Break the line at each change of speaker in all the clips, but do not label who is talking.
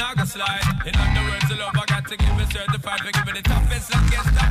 not gonna slide. In other words, the love I got to give is certified. We give it the toughest and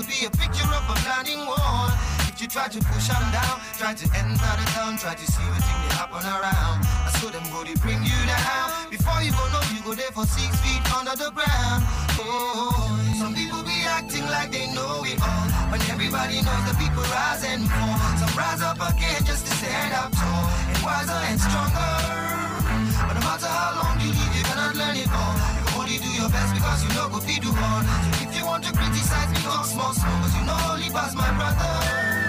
you'll be a picture of a blinding wall. If you try to push them down, try to enter the town, try to see what thing they happen around. I saw them go, they bring you down. Before you go, no, you go there for six feet under the ground. Oh, some people be acting like they know it all. When everybody knows the people rise and fall. Some rise up again just to stand up tall and wiser and stronger. But no matter how long you live, you cannot learn it all do your best because you know go feed do honest. If you want to criticize me, talk small, small, cause you know only pass my brother.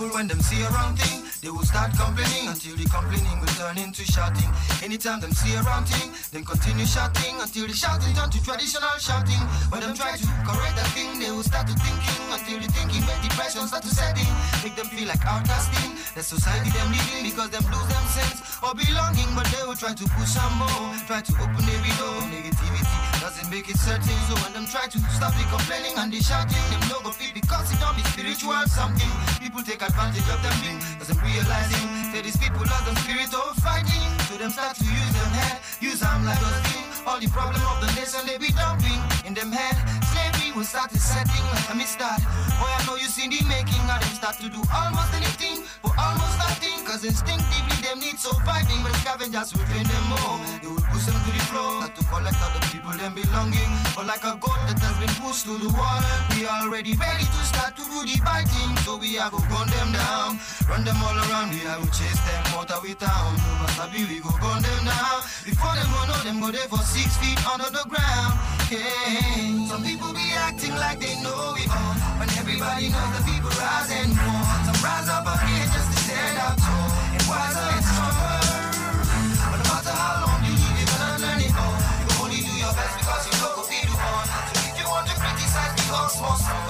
people when them see a wrong thing, they will start complaining until the complaining will turn into shouting. Anytime them see a wrong thing, then continue shouting until the shouting turn to traditional shouting. When them try to correct a thing, they will start to thinking until the thinking make depression start to set in. Make them feel like outcasting. The society them living because them lose them sense or belonging, but they will try to push some more, try to open the window of negativity make it certain. So when them try to stop the complaining and the shouting, them no go feed because it don't be spiritual something. People take advantage of them thing, cause I'm realizing that these people are the spirit of fighting. So them start to use them head, use them like a thing. All the problem of the nation they be dumping in them head. We will start to setting let me start. Boy, I know you seen the making of them start to do almost anything, but almost nothing. Cause instinctively them need surviving, but scavengers will drain them more. They will push them to the floor, not to collect all the people them belonging. But like a goat that has been pushed to the wall, we already ready to start to do the biting. So we have to gun them down, run them all around, we have to chase them out of town. No matter we go gun them down. Before them go know them go there for six feet under the ground. Yeah. Some people be acting like they know it all. When everybody knows the people rise and fall. So rise up again just to stand up tall and wiser and stronger. But no matter how long you live, you're gonna learn it all. You only
do your best because you know what we do on. So if you want to criticize, become small, stronger.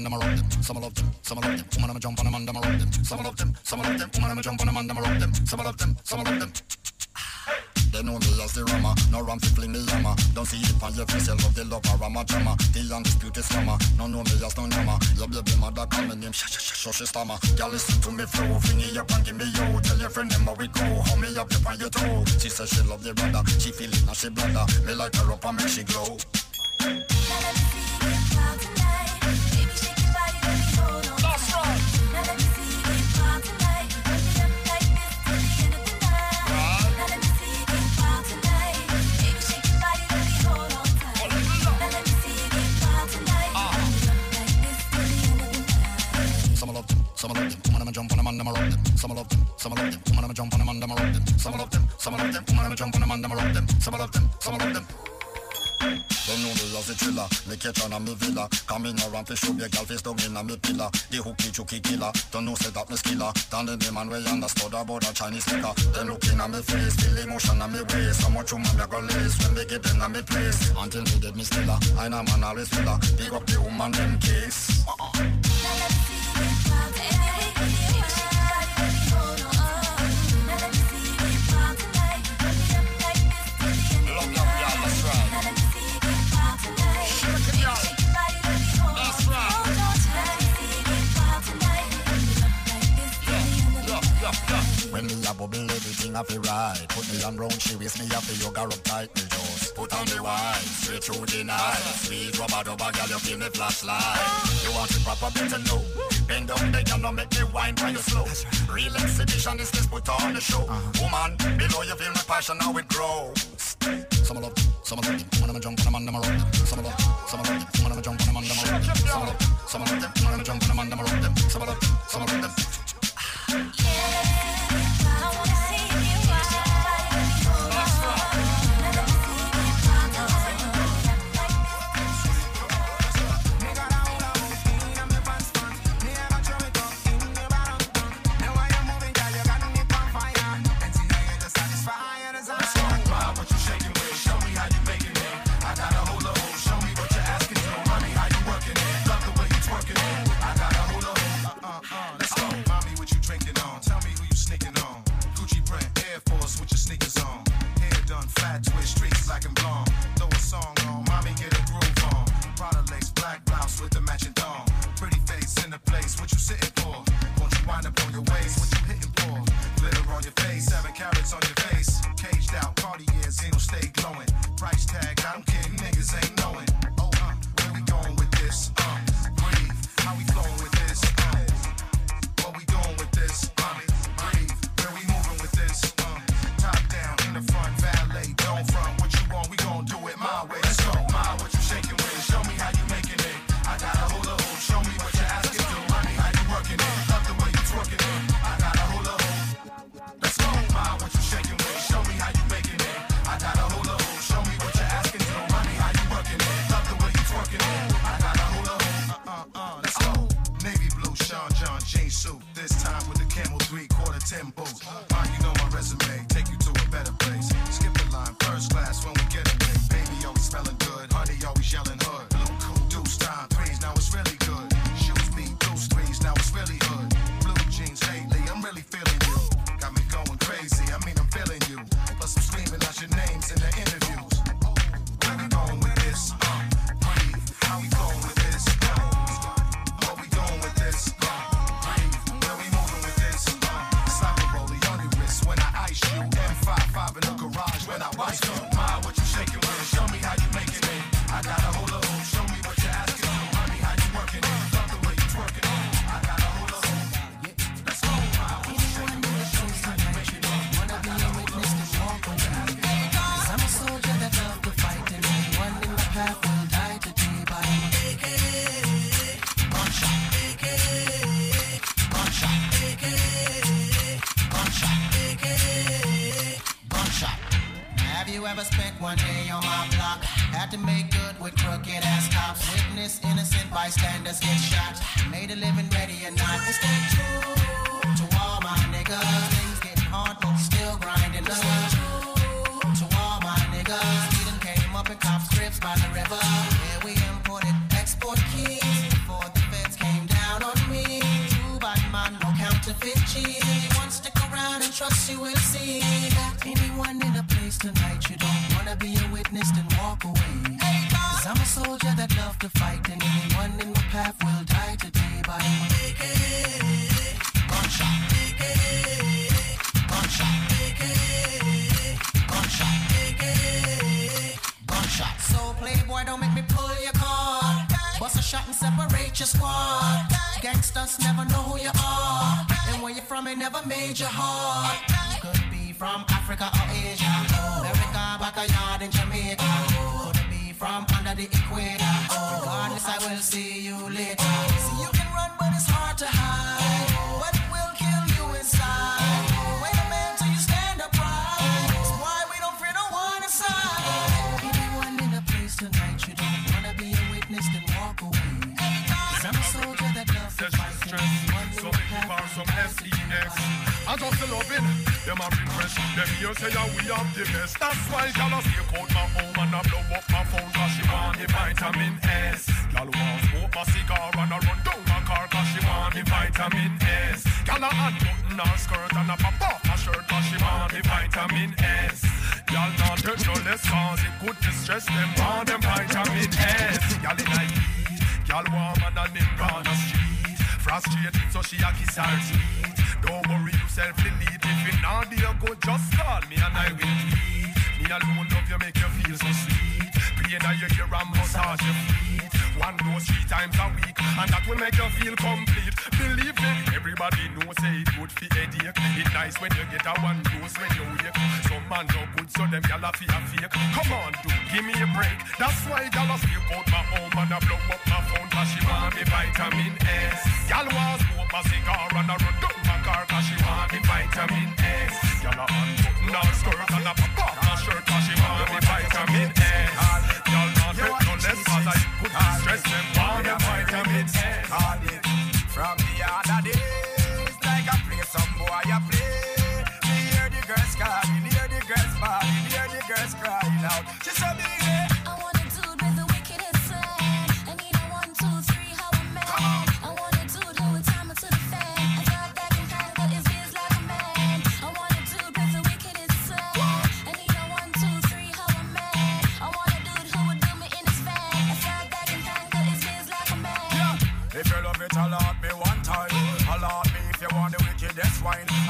them and them rock them. Some love them, some love them. Woman, I'm jump on them and them rock them. Some love them, some love them. Woman, I'm jump on them and them rock them. Some love them, some love them. They know me as the rama, no ram fi fling me yama Don't see it on your face, you love the love a rama drama The undisputed scammer, no know me as no yama Your baby mother call me name, sh sh sh stammer Girl, listen to me flow, fling it up and give me yo Tell your friend them how we go, How me up on your toe She says she love the brother, she feel it now she blunder Me like her up and make she glow them, I rock them. Some I love them, some I love them. Woman, I'ma jump on them, and I'ma rock them. Some I love them, some I love them. Woman, I'ma jump on them, and I'ma rock them. Some I love them, some I love them. De noodles är chilla, med ketcharna med villa Kamina rampe tjobbig, galfisk dog innan med pilla De hookie tjocki killa, de noset att med skilla Dande det man väl andra stådda båda Chinese slicka Den lokina med face, billig morsanna med ways Som och tjomman jag går les, vem ligger denna med place Antil ni det med I know man always spilla Big up the woman them kiss When me a bubble, everything I feel right. Put me on round, she waist me up, the yoga up tight, me just put on the wine, straight through the night. Sweet rubber dubber, girl, you feel me flashlight. You want it proper, better know. Bend down, girl, now make me wine while you slow. Real exhibition is this, put on the show. Uh-huh. Woman, below you feel my passion, now it grows. Some of love, some of love, i am of them jump, one of them rock. Some of love, some of love, i am of them jump, one of them rock. Some of love, some of love, i am of them jump, one of them rock. Some of love,
some of love, yeah.
are. Gangsters never know who you are. And where you are from, it never made you hard. You could be from Africa or Asia. America, backyard in Jamaica. Could be from under the equator. Regardless, I will see you later. See, you can run, but it's hard to hide. What will kill you inside? Wait you stand upright. That's why we don't fear no one inside. Anyone in the place tonight.
session stress. Some big bar, some SES. just love it. Them a refresh. Them here say yeah, we have the best. That's why y'all stake out my home and I blow up my phone. Cause she want the vitamin S. Y'all want smoke my cigar and I run down my car. Cause she want the vitamin S. Y'all a unbutton her skirt and I pop off her shirt. Cause she want the vitamin S. Y'all not touch no less cause it could distress them. Want them vitamin S. Y'all in a heat. Y'all warm and a nimble. Frustrated, so she a kiss her sweet. Don't worry yourself, you need If you not there, go just call me and I will meet Me alone love you, make you feel so sweet. Pain on you hear and massage your feet. One dose three times a week, and that will make you feel complete. Believe me, everybody knows say it good for headache. It nice when you get a one dose when you wake. Some man no good, so them gyal a feel fake. Come on, dude, give me a break. That's why gyal a sleep out my home and I blow up my phone 'cause she want me vitamin S. Gyal was smoke a cigar and I run down my car 'cause she want me vitamin S. Gyal a unbutton her skirt and a pop off her shirt 'cause she want
me vitamin S. Cause I could stress them on the vitamins. Call it from the other days. Like I play some boy, I play. Me hear the girls calling, hear the girls falling, hear the girls crying out.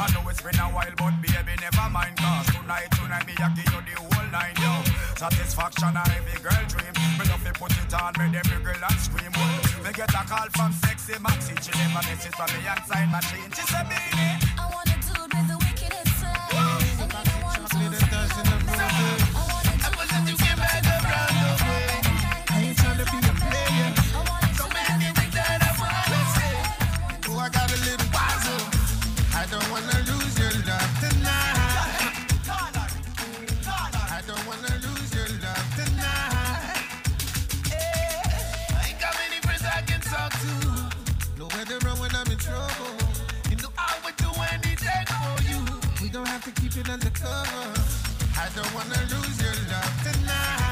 I know it's been a while, but baby, never mind. Cause tonight, tonight, me, I give you the whole nine, yo. Satisfaction, I every girl dream. Me love to put it on, make every girl and scream. Me get a call from sexy Maxi. She never misses on me and sign machine. She said, Beanie.
sleeping undercover. I don't wanna lose your love tonight.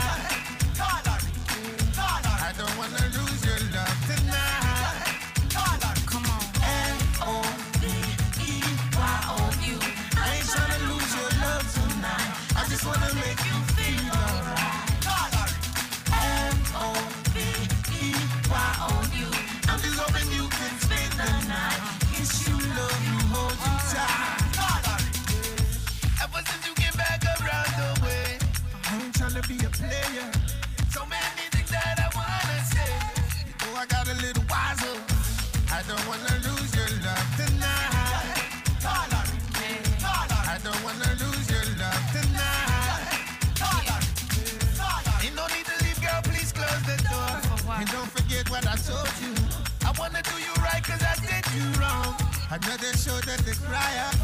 Another shoulder to cry on.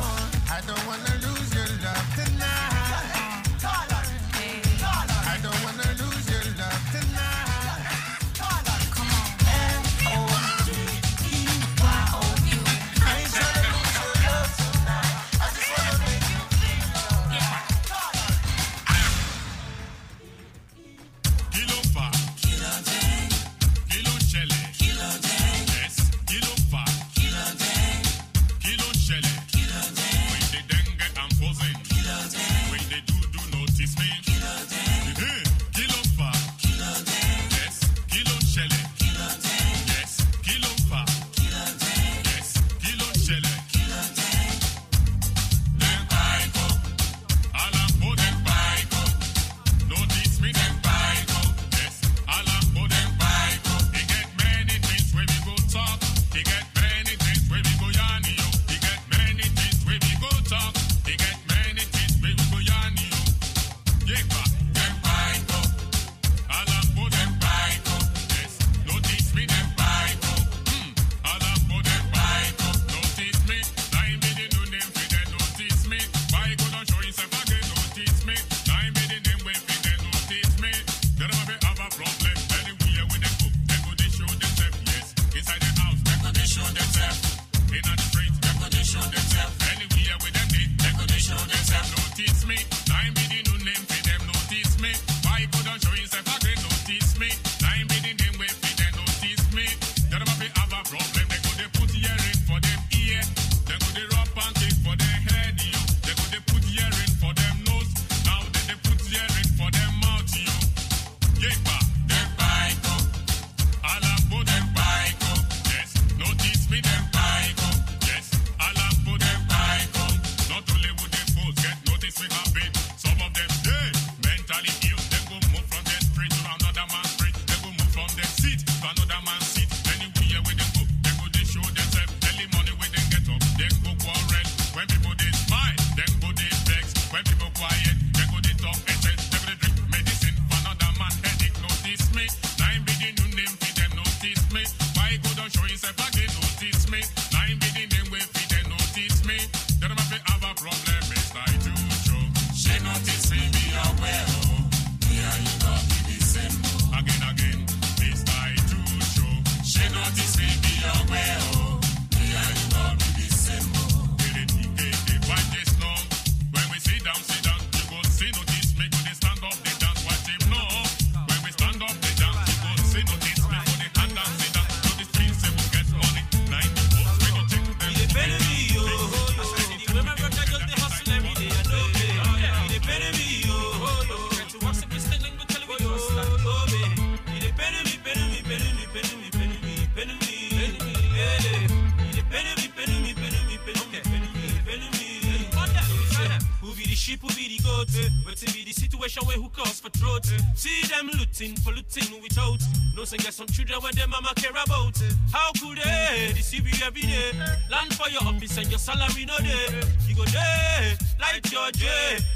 J.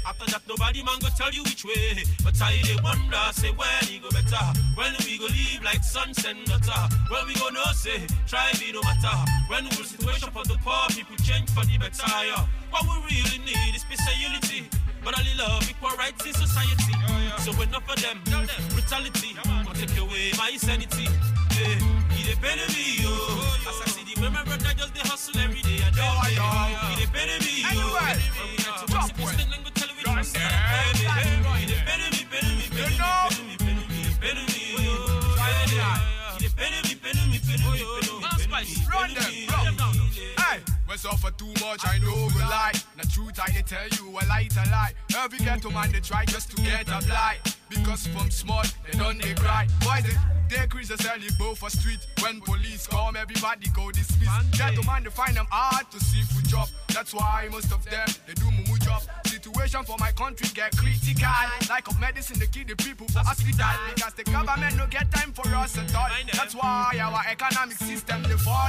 After that, nobody man go tell you which way. But I they wonder, say when he go better. When we go live like sunset and When we go no say, try be no matter. When will situation for the poor people change for the better?
Yeah.
What we really need is peace and unity. Brotherly love, equal rights in society. Yeah, yeah. So enough of them, them. brutality. Yeah, man. take away my sanity. Yeah. It depends on me,
much I know will lie. The truth I they tell you a lie a lie. Every ghetto man they try just to get a lie.
Because from small they don't they cry. Why they they crease selling both for street. When police come, everybody go dismiss. Ghetto man they find them hard to see for job. That's why most of them they do mumu job situation for my country get critical. Like a medicine, they give the people for hospital. Because the government no get time for us at all. That's why our economic system they fall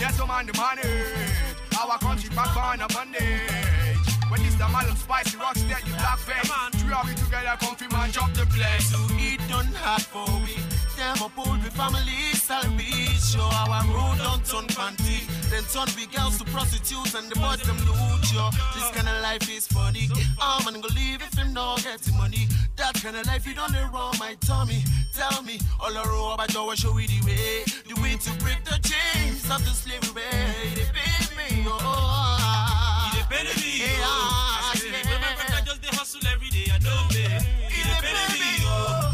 Get some man the manage. Our country back on a bondage. When it's the man of spicy rocks, then you black face. Three of you together, comfy man, drop the place. So it don't have for we them up all the family salvation.
Our road don't turn panty. Then turn we girls to prostitutes and the boys them loot yo. This kind of life is funny. I'm gonna leave if I'm not getting money. That
kind of life you don't wrong my tummy. Tell me all I row about your show we the way. The way to break the chains of the slavery. They pay me, oh. Ah. They pay me,
oh. yeah. I just the hustle every day. I know, baby. They pay me, oh.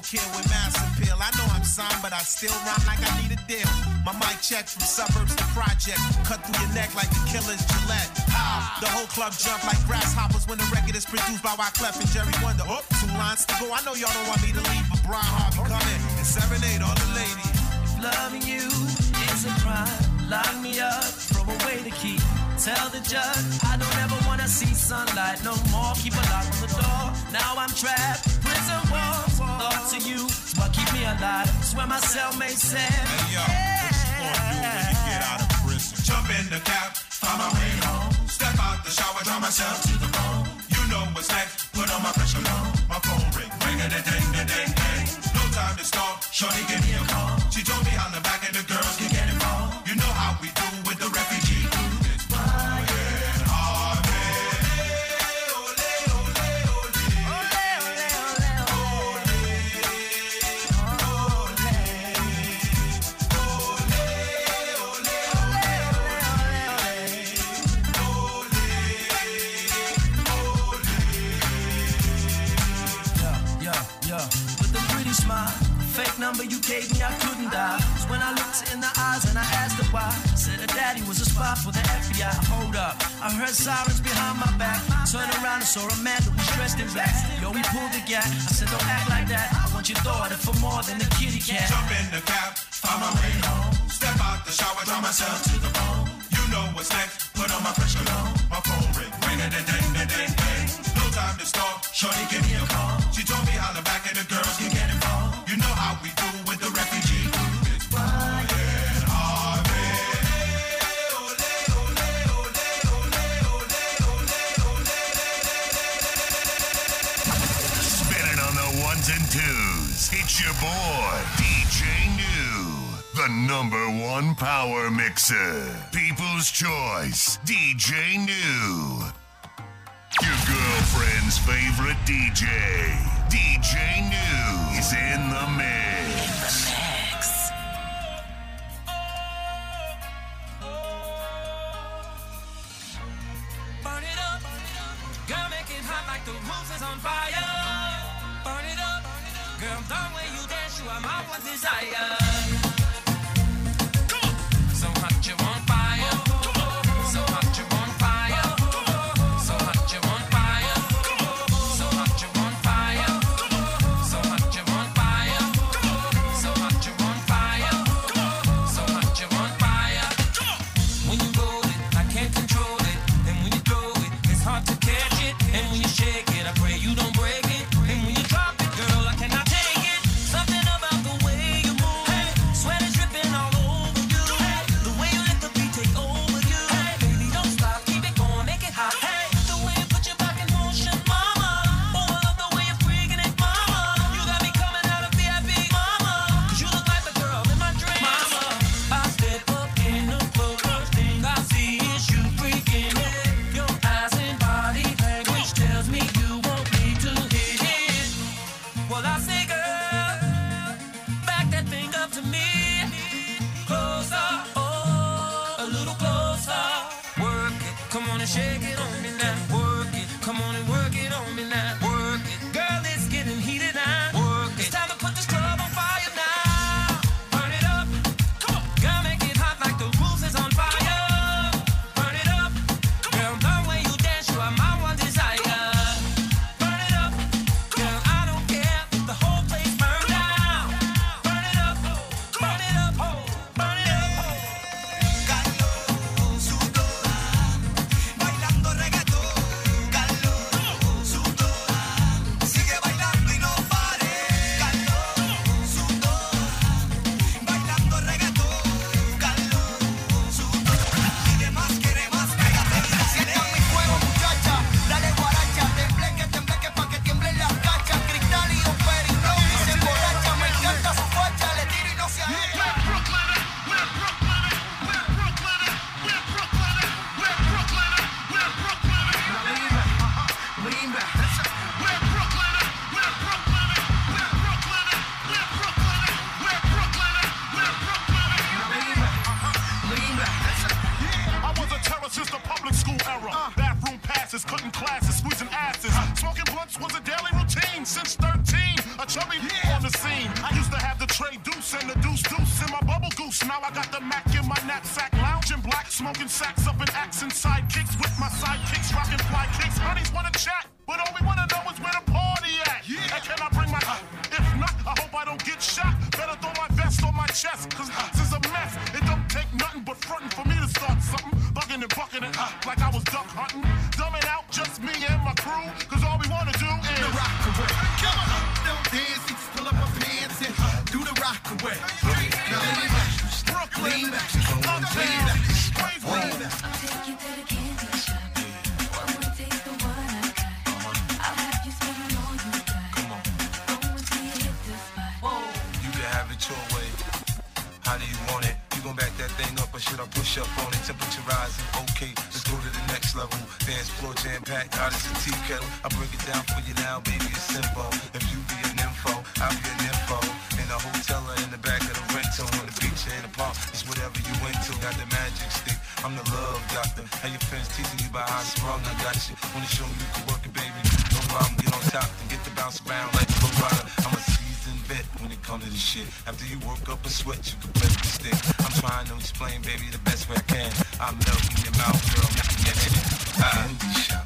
with mass appeal. I know I'm signed, but I still rhyme like I need a deal. My mic checks from suburbs to projects. Cut through your neck like the killer's Gillette. Ah, the whole club jump like grasshoppers when the record is produced by Wyclef and Jerry Wonder. Oh, two lines to go. I know y'all don't want me to leave, but Brian Harvey coming and serenade all the ladies. If loving you is a crime,
lock me up, throw away the key. Tell the judge I don't ever wanna see sunlight no more. Keep a lock on the door. Now I'm trapped. Prison walls. Thoughts of you, but keep me alive. Swear my cellmate said. Hey yo, yeah. what you gonna do when
you get out of prison? Jump in the cab,
find my way home. Step out the shower, draw myself to the bone. You know what's next. Put on my pressure on. My phone ring, ring a ding, ding, ding, ding. No time to stall. Shorty give me a call. She told me i the back and the girls can get involved. You know how we do.
number you gave me, I couldn't die. So when I looked in the eyes and I asked her why,
said her daddy was a spy for the FBI. Hold up, I heard sirens behind my back. Turned around and saw a man that was dressed in black. Yo, we pulled the gap. I said, don't act like that. I want your daughter
for more than a kitty cat. Jump in the cab, find my way home. Step out the shower, draw myself to the bone. You know what's next, put on my fresh cologne. My phone ring, ring a ding ding ding ding. No time to stop, shorty give me a call. She told me how the back of the girl.
boy, DJ New, the number one power mixer. People's Choice, DJ New. Your girlfriend's favorite DJ, DJ New, is in the mix. desire.
stuck in a like I was duck hunting. Dumbing out just me and my crew, cause all we wanna do is the rock away. Come on, no dancing, pull up my pants and uh, do the rock away. Now lean back, Brooklyn, uptown, crazy. i you to the candy
Your way. How do you want it? You gon' back that thing up or should I push up on it? fans, floor jam pack, artists and tea kettle. I break it down for you now, baby, it's simple. If you be an info, I'll be an info. In a hotel or in the back of the rental, on the beach or in the park, it's whatever you into. Got the magic stick, I'm the love doctor. How your friends teasing you about how strong I got you. Wanna show you can work it, baby. No problem, get on top and get the bounce around like a rider. I'm a seasoned vet when it comes to this shit. After you work up a sweat, you can play with the stick. I'm trying to explain, baby, the best way I can. I'm looking about real niggas. Uh,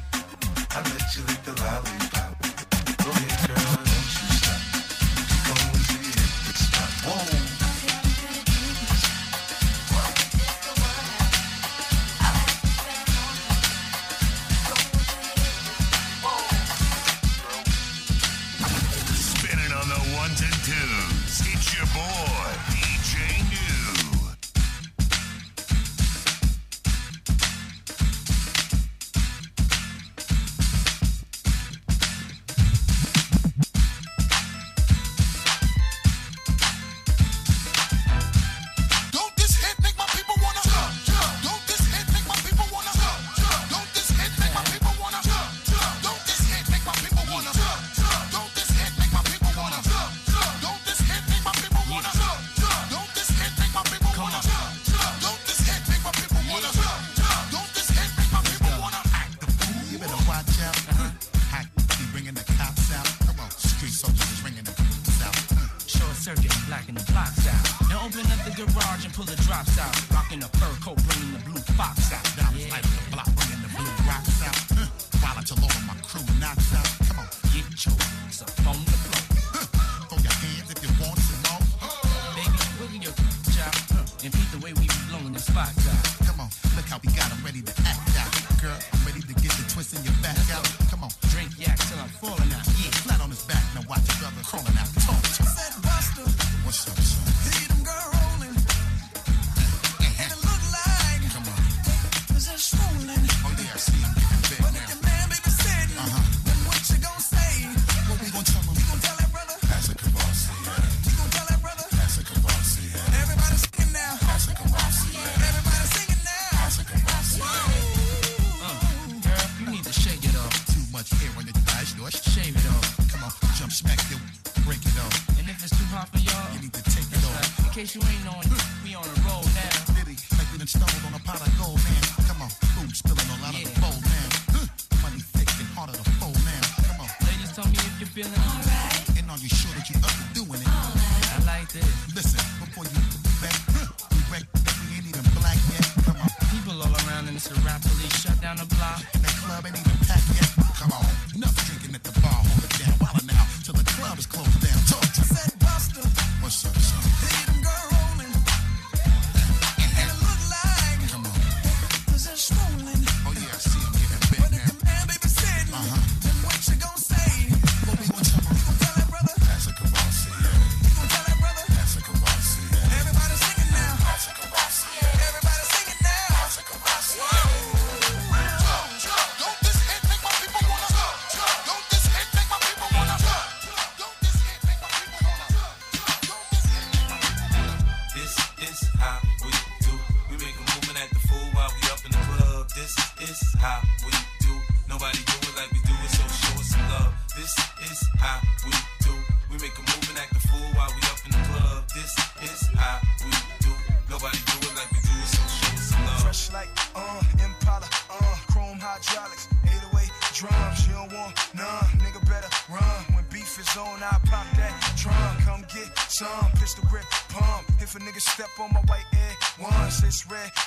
red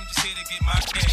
I'm just here to get my cash.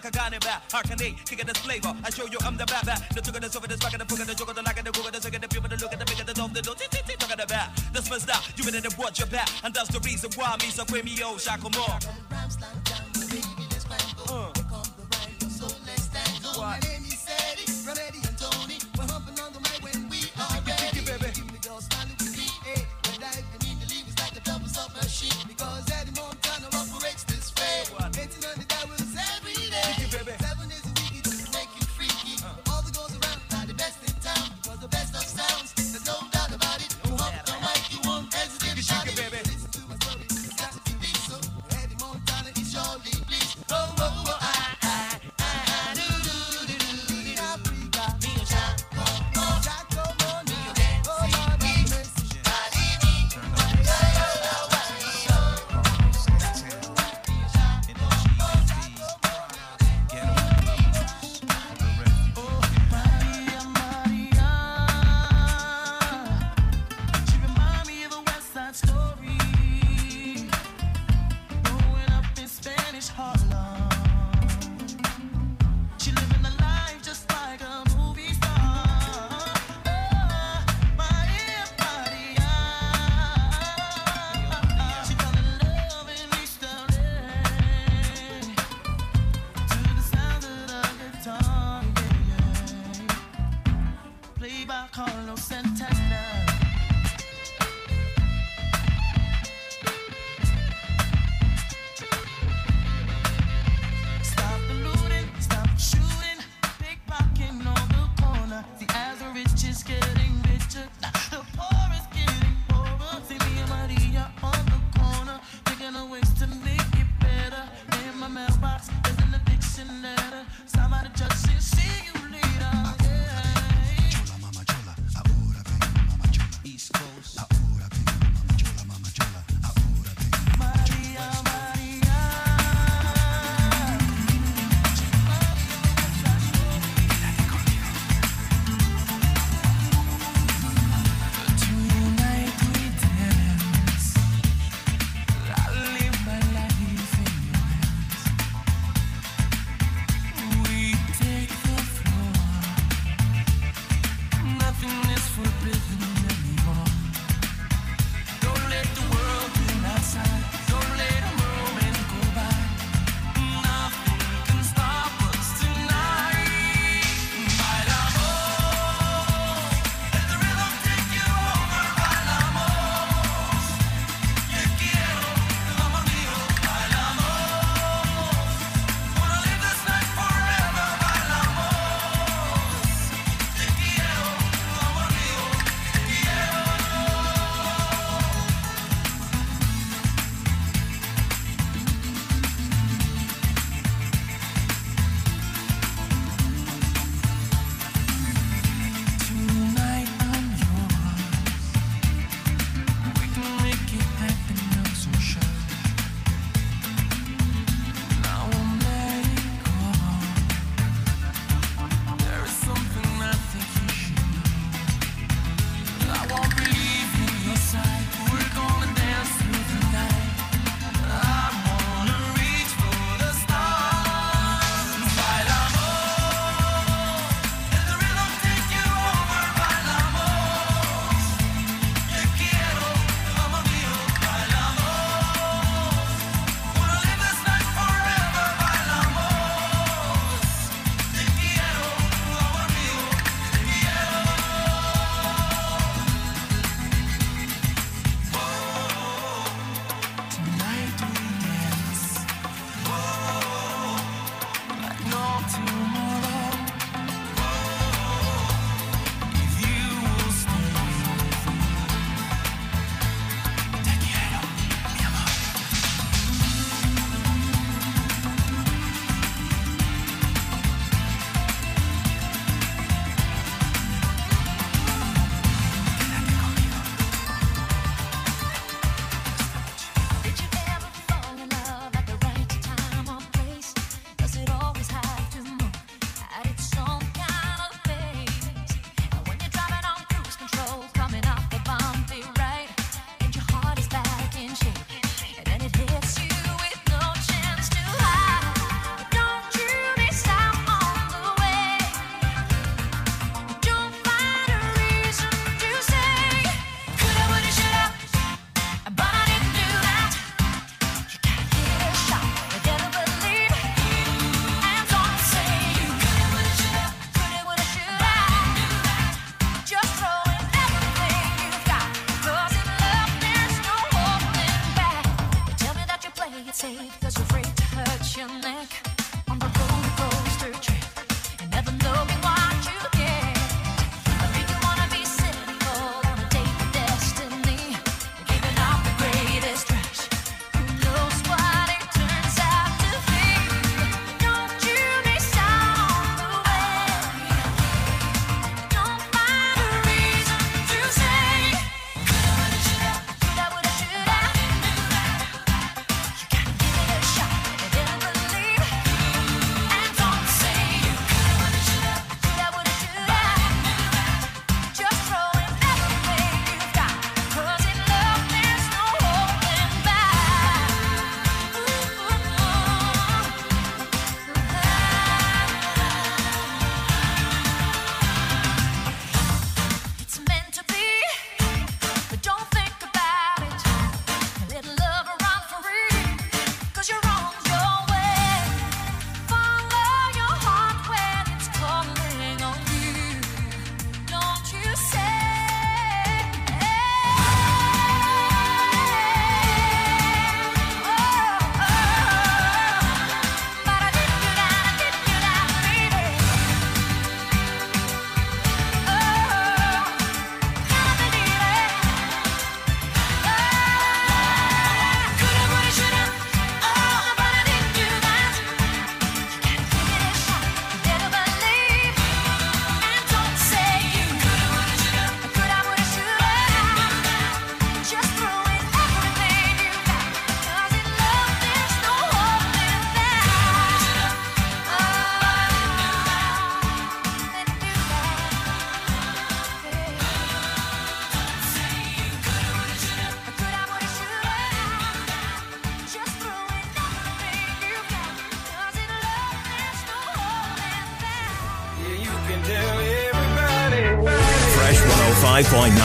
kagane ba Harkane, kick the flavor I show you I'm the bad bad The took the sofa, the smack the poker The joke the like the cook the second people the look at the bigger the dog the dog Titi talking about The smell style, you better watch your back And that's the reason why me so quit me oh Shakumar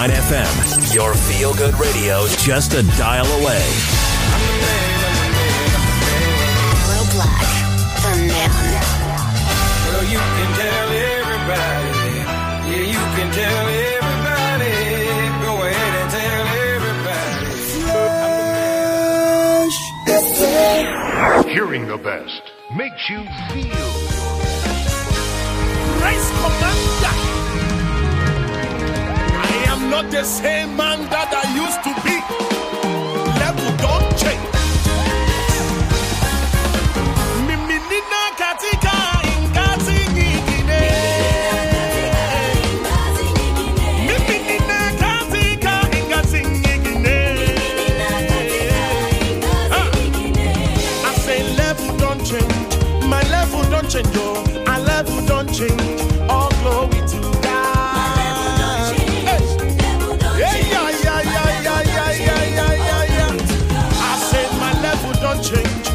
FM. Your feel good radio, just a dial away.
the same man change.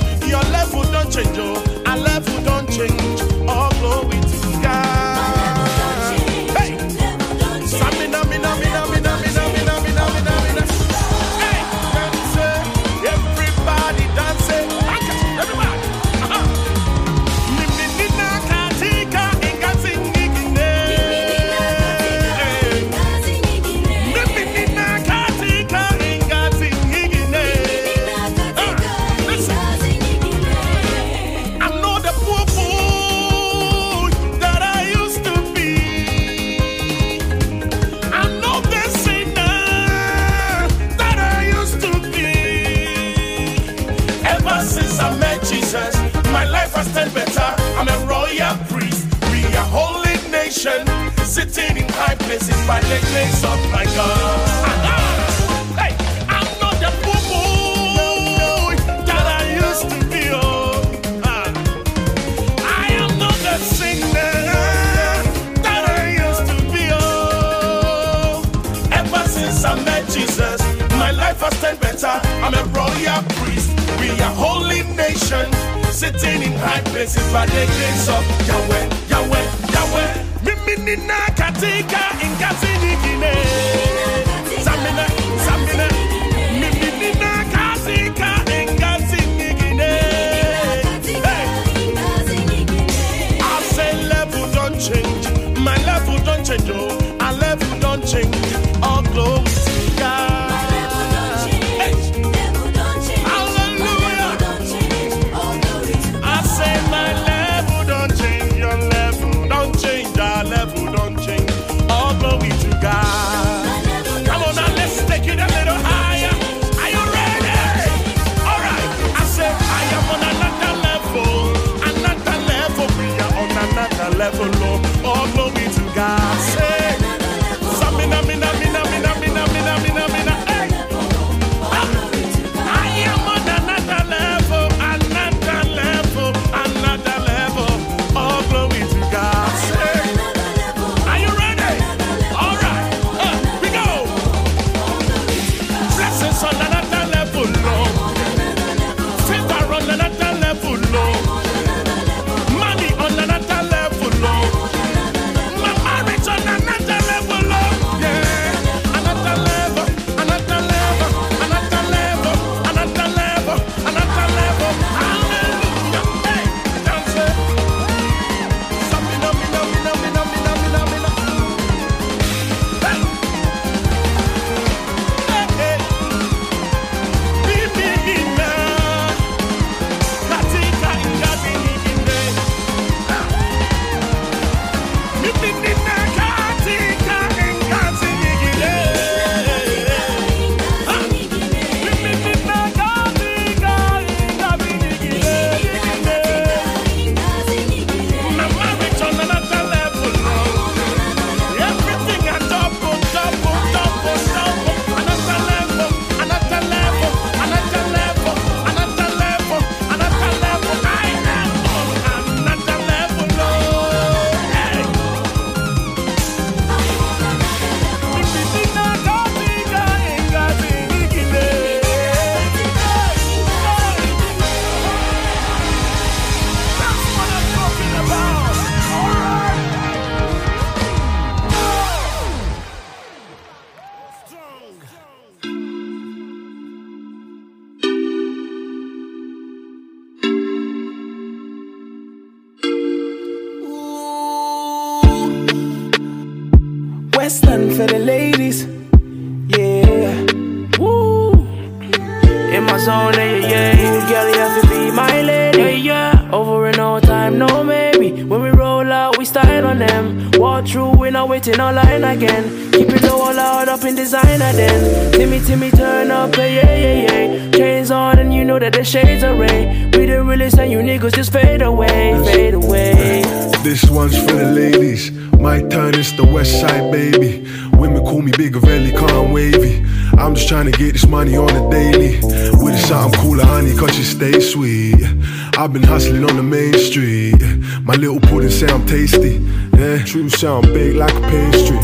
sound big like a pastry.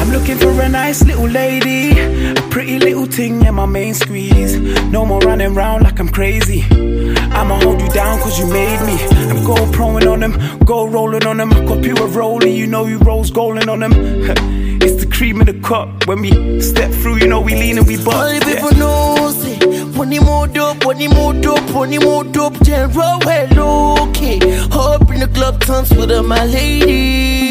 I'm looking for a nice little lady, a pretty little thing, in my main squeeze. No more running round like I'm crazy. I'ma hold you down cause you made me. I'm gold proing on them, gold rolling on them. you pure rolling, you know you rose golden on them. it's the cream in the cup. When we step
through, you know we lean and we buck. All the people yeah. know, see, money more dope, money more dope, money more dope. General, well, okay. Hope the club, tons with her, my lady.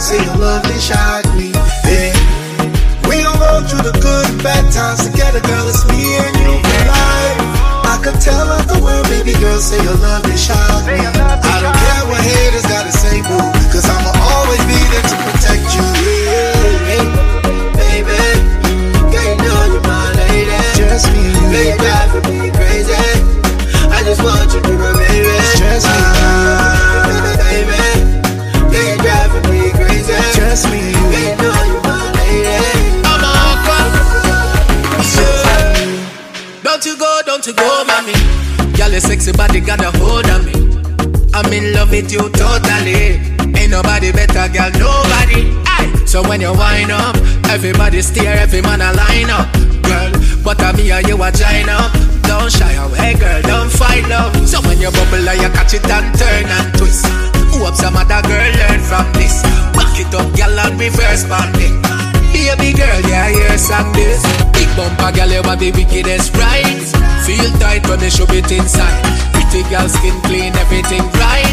Say your love, they shock me. Yeah. We don't go through the good and bad times together, girl. It's me and you for life. I could tell out the world, baby girl, say your love, they shock me. I don't care what haters gotta say, boo, cause I'ma always be there to protect you. Yeah. Baby, can't know you my lady. Just me. Baby, I me crazy. I just want you to Your sexy body got a hold on me. I'm in love with you totally. Ain't nobody better, girl, nobody. Aye. So when you wind up, everybody stare, every man a line up. Girl, what i me and you a join up? Don't shy away, girl, don't fight love. So when you bubble, you catch it and turn and twist. Who up some other girl learn from this? Back it up, girl, and reverse bonding. Baby girl, yeah, hear some this. Big bumper girl, you are the wickedest, right? Feel tight when you show it inside. Pretty girl, skin clean, everything right.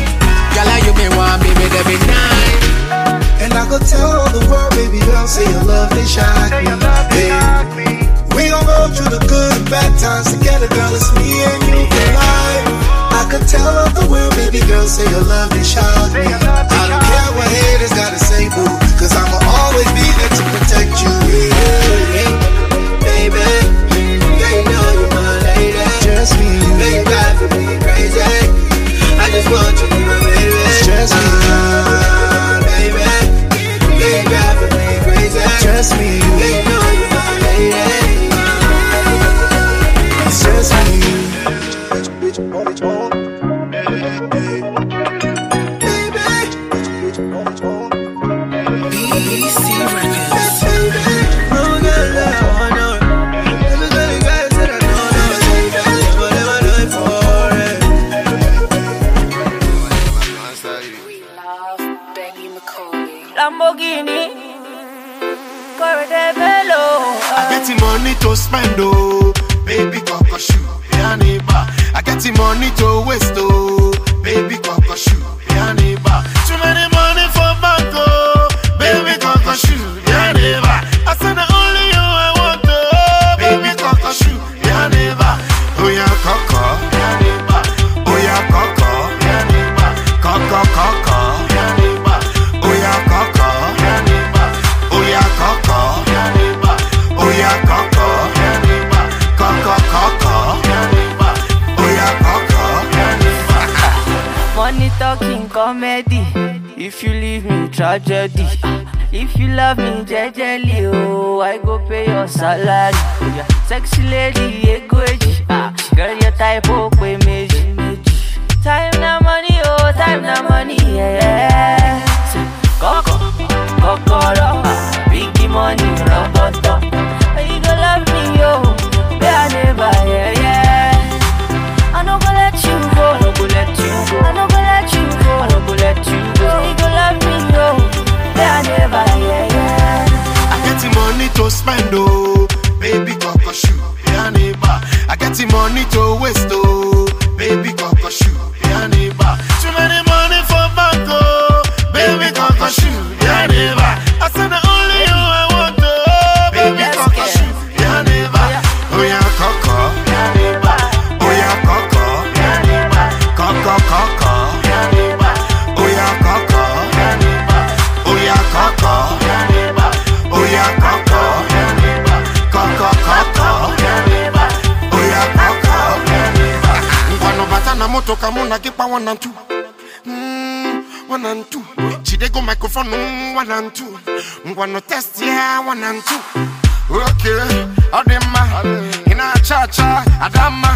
Girl, you may want me with every night. And I go tell the world, baby girl, say your love is shot me, baby. We gon' go through the good and bad times together, girl. It's me and you for life. I could tell the world, baby girl, say your love is shot me. I don't care what haters gotta say, boo. Cause I'ma always be there to protect you. Yeah.
know you're my lady. me. drive me crazy. I just want you baby. me.
baby, drive me crazy. me.
If you leave me, tragedy. If you love me, jejely, oh, I go pay your salary. Sexy
lady, egoji. Ah, girl, your type, oh, pay me. Time na money, oh, time na money, yeah.
afternoon, one and two. we're gonna test, yeah, one and two. Okay, Adema, in a cha cha, Adama.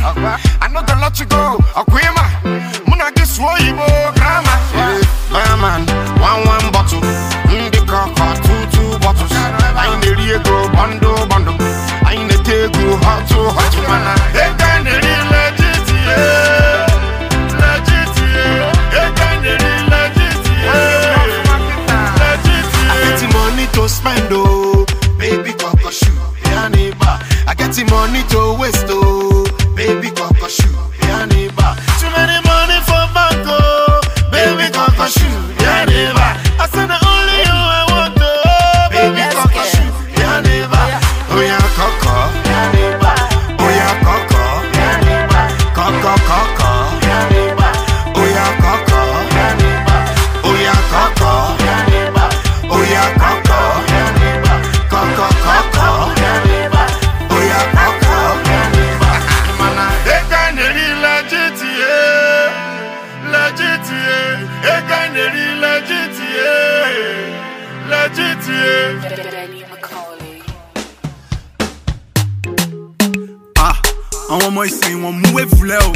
àwọn ọmọ ìsìn wọn mú wévulẹ o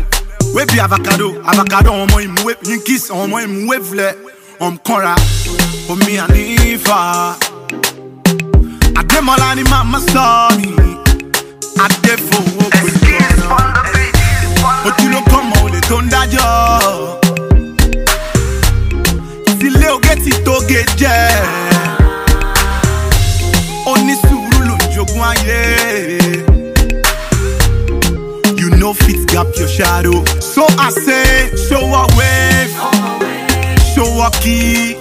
wébi avocado avocado àwọn ọmọ ìmúwé yinkis àwọn ọmọ ìmúwé vulẹ ọmọkànra omi ànífà àdèmọlá ni màmá sọ mi àdèfowó pè mọ ojúlókọ mọ olè tó ń dájọ ìdílé oge ti tóge jẹ. shadow. So I say, show a wave, show a key.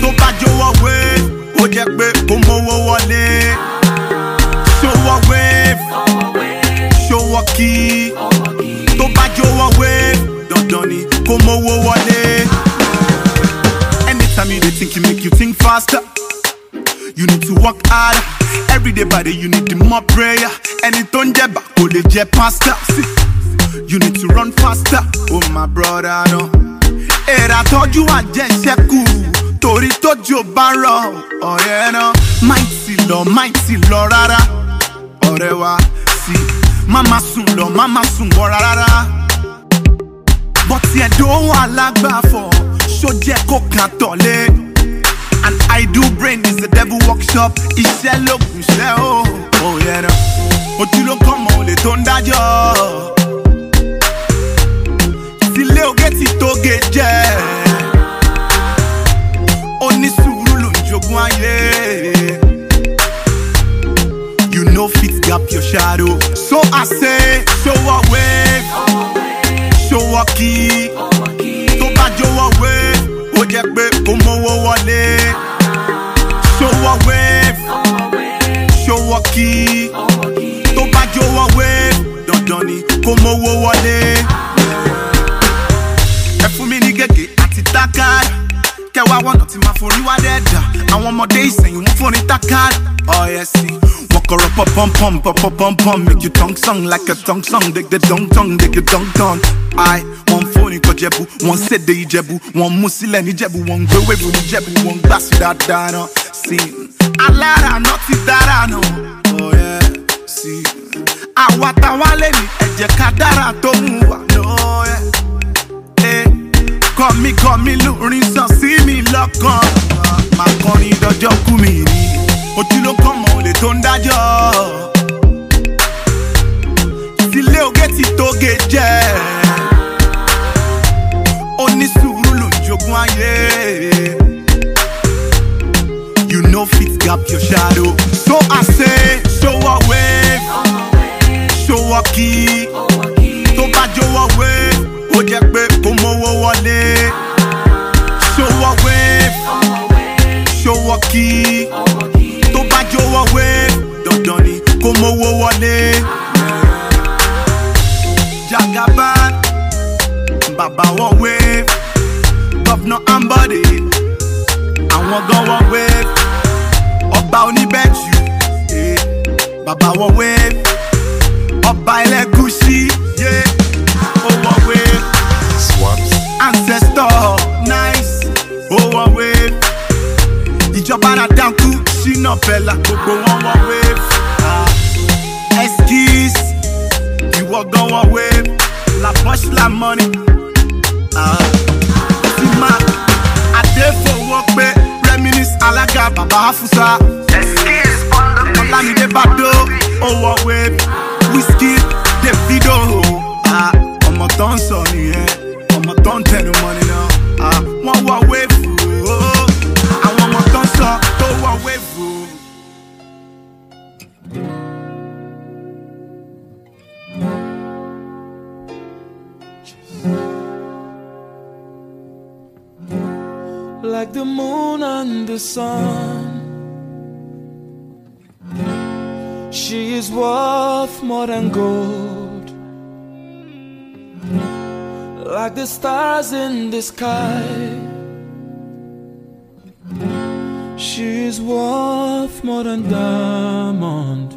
So bad you a wave, ó jẹ́ pé kò mówó Show a wave, show a key. Tó bá jó a wave, dandan ni kò mówó wọlé. Anytime you dey think, you make you think faster. You need to work hard. Every day by you need more prayer. Ẹni tó ń jẹ̀bà kò lè jẹ pásítà. You need to run faster, oh my brother no. Èrà tọ́jú àjẹsẹ́kù torí tójú bá rọ ọ̀rẹ́ náà. Máìtì lọ máìtì lọ rárá ọ̀rẹ́ wa Mama sun, sùn lọ máma sùn bọ̀ rárá. Bọ̀tì ẹ̀dọ́ wà lágbàfọ̀ sójẹ́ kó kàn And I do brain is a devil workshop. Iṣẹ́ ló kù oh o. Òyẹ̀rọ̀ ojú ló komo le olè tó ń dájọ́ ilé oge ti tóge jẹ́ onísùúrù ló ń jogún ayé. You no fit gap your shadow. So I say, show a wave, show a key. Tó bá jọ̀wọ́ wave, ó jẹ́ pé ó mówó wọlé. Show a wave, show a key. Tó bá jọ̀wọ́ wave, dandan ni kó mówó wọlé. Ah. kẹwàá wọ̀nà tí máa forí wá dẹ́ẹ̀dà àwọn ọmọdé ìsẹ̀yìn wọn fúnni tákàdì ọ̀ẹ́sìn oh, wọn kọ̀rọ̀ pọ̀ pọ̀npọ̀n pọ̀pọ̀pọ̀npọ̀n make you tongue song like a tongue song dege dunk dunk dege dunk dunk. I wọn fóònù kọjẹbu wọn ṣèdè ìjẹbu wọn mú sílẹ̀ níjẹ̀bú wọn gbé wéwu níjẹ̀bú wọn gbà sí dáadáa náà sí alára náà ti dára náà ọ̀ẹ́ oh, sí àwa táwa lè ní ẹ̀jẹ̀ ká dára tó mú wa náà oh, ẹ̀ ọkọ mi kọ mi lórin sàn sí mi lọ́kàn máa kọrin dọjọ́ kú mi rí ojú ló kàn mọ́ olè tó ń dájọ́ ilé oge ti tóge jẹ́ onísùúrù ló ń jogún ayé. You no fit gap your shadow. So I say, show a wave, show a key, tó bá jọ wá wave, ó jẹ́ pé money. Show a wave, show a key. Tó bá jó a wave, dandan ni kó mowó wọlé. Jagaban, baba wọn wave. Gọ́fìnà I àwọn go a wave. Up Ọba you, eh, baba wọn wave. Up by Ẹlẹ́gùṣí, yeah. ìjọba Danku not Bella go wọn wọn wave ah. excuse ìwọ gan one wave la punch la money babe. Ah. Reminisce pé reminis alága bàbá afusa ọlámídé bàdó owó wave whisky davido ọmọ tó ń i am ọmọ tó ń tẹnu mọ́ nínú One wọ wave.
like the moon and the sun. She is worth more than gold, like the stars in the sky. She is worth more than diamond.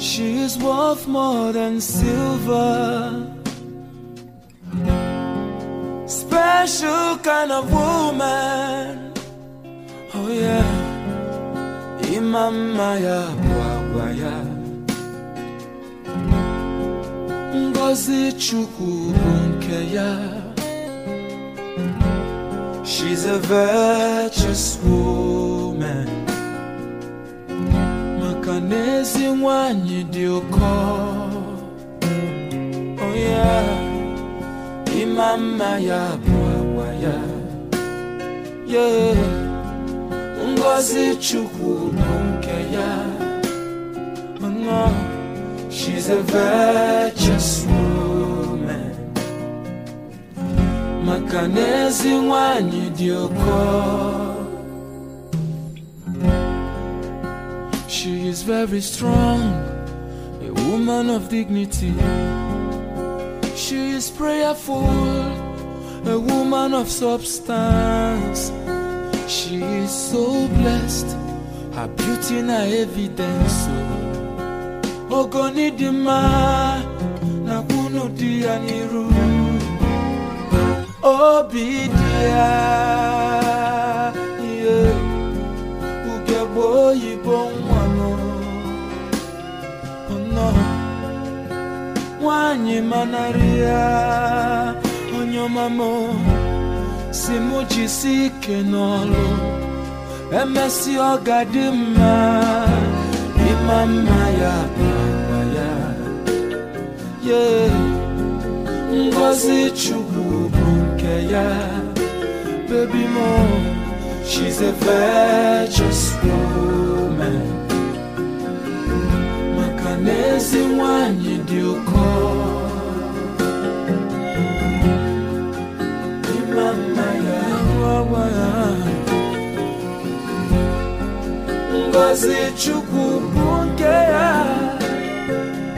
She is worth more than silver special kind of woman Oh yeah Imama ya bwawa ya Ngozi chukwu nke ya She's a virtuous woman maka na ezi oh yeah mama ya bwawa ya yeah. Ngozi Chukwu nke ya Mama, she's a virtuous woman Maka n'ezi nwanyị dị She is very strong, a woman of dignity she is prayerful, a woman of substance. She is so blessed, her beauty oh, na evidence. Ogoni dima na kuno dianiru. Obidia. Oh, nyima narịa onye ọmam si m jisi ike n'ọlụ emesi ọ ga-adị mma ya agba ya ye ngozi chukwu bụ ya baby mo she's a virtuous woman maka na ezi nwanyị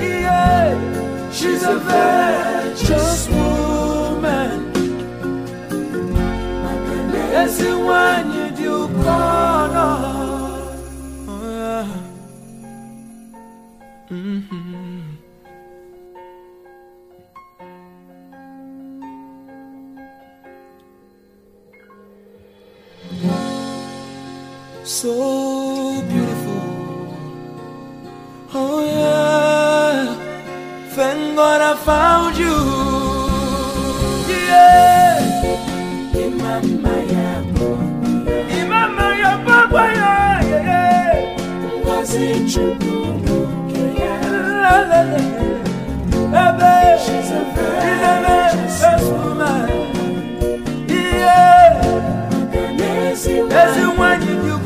Yeah, she's a virtuous woman. That's the one you do call. so beautiful. Oh yeah, thank God I found you. Yeah, yeah. she's a Yeah, as you want.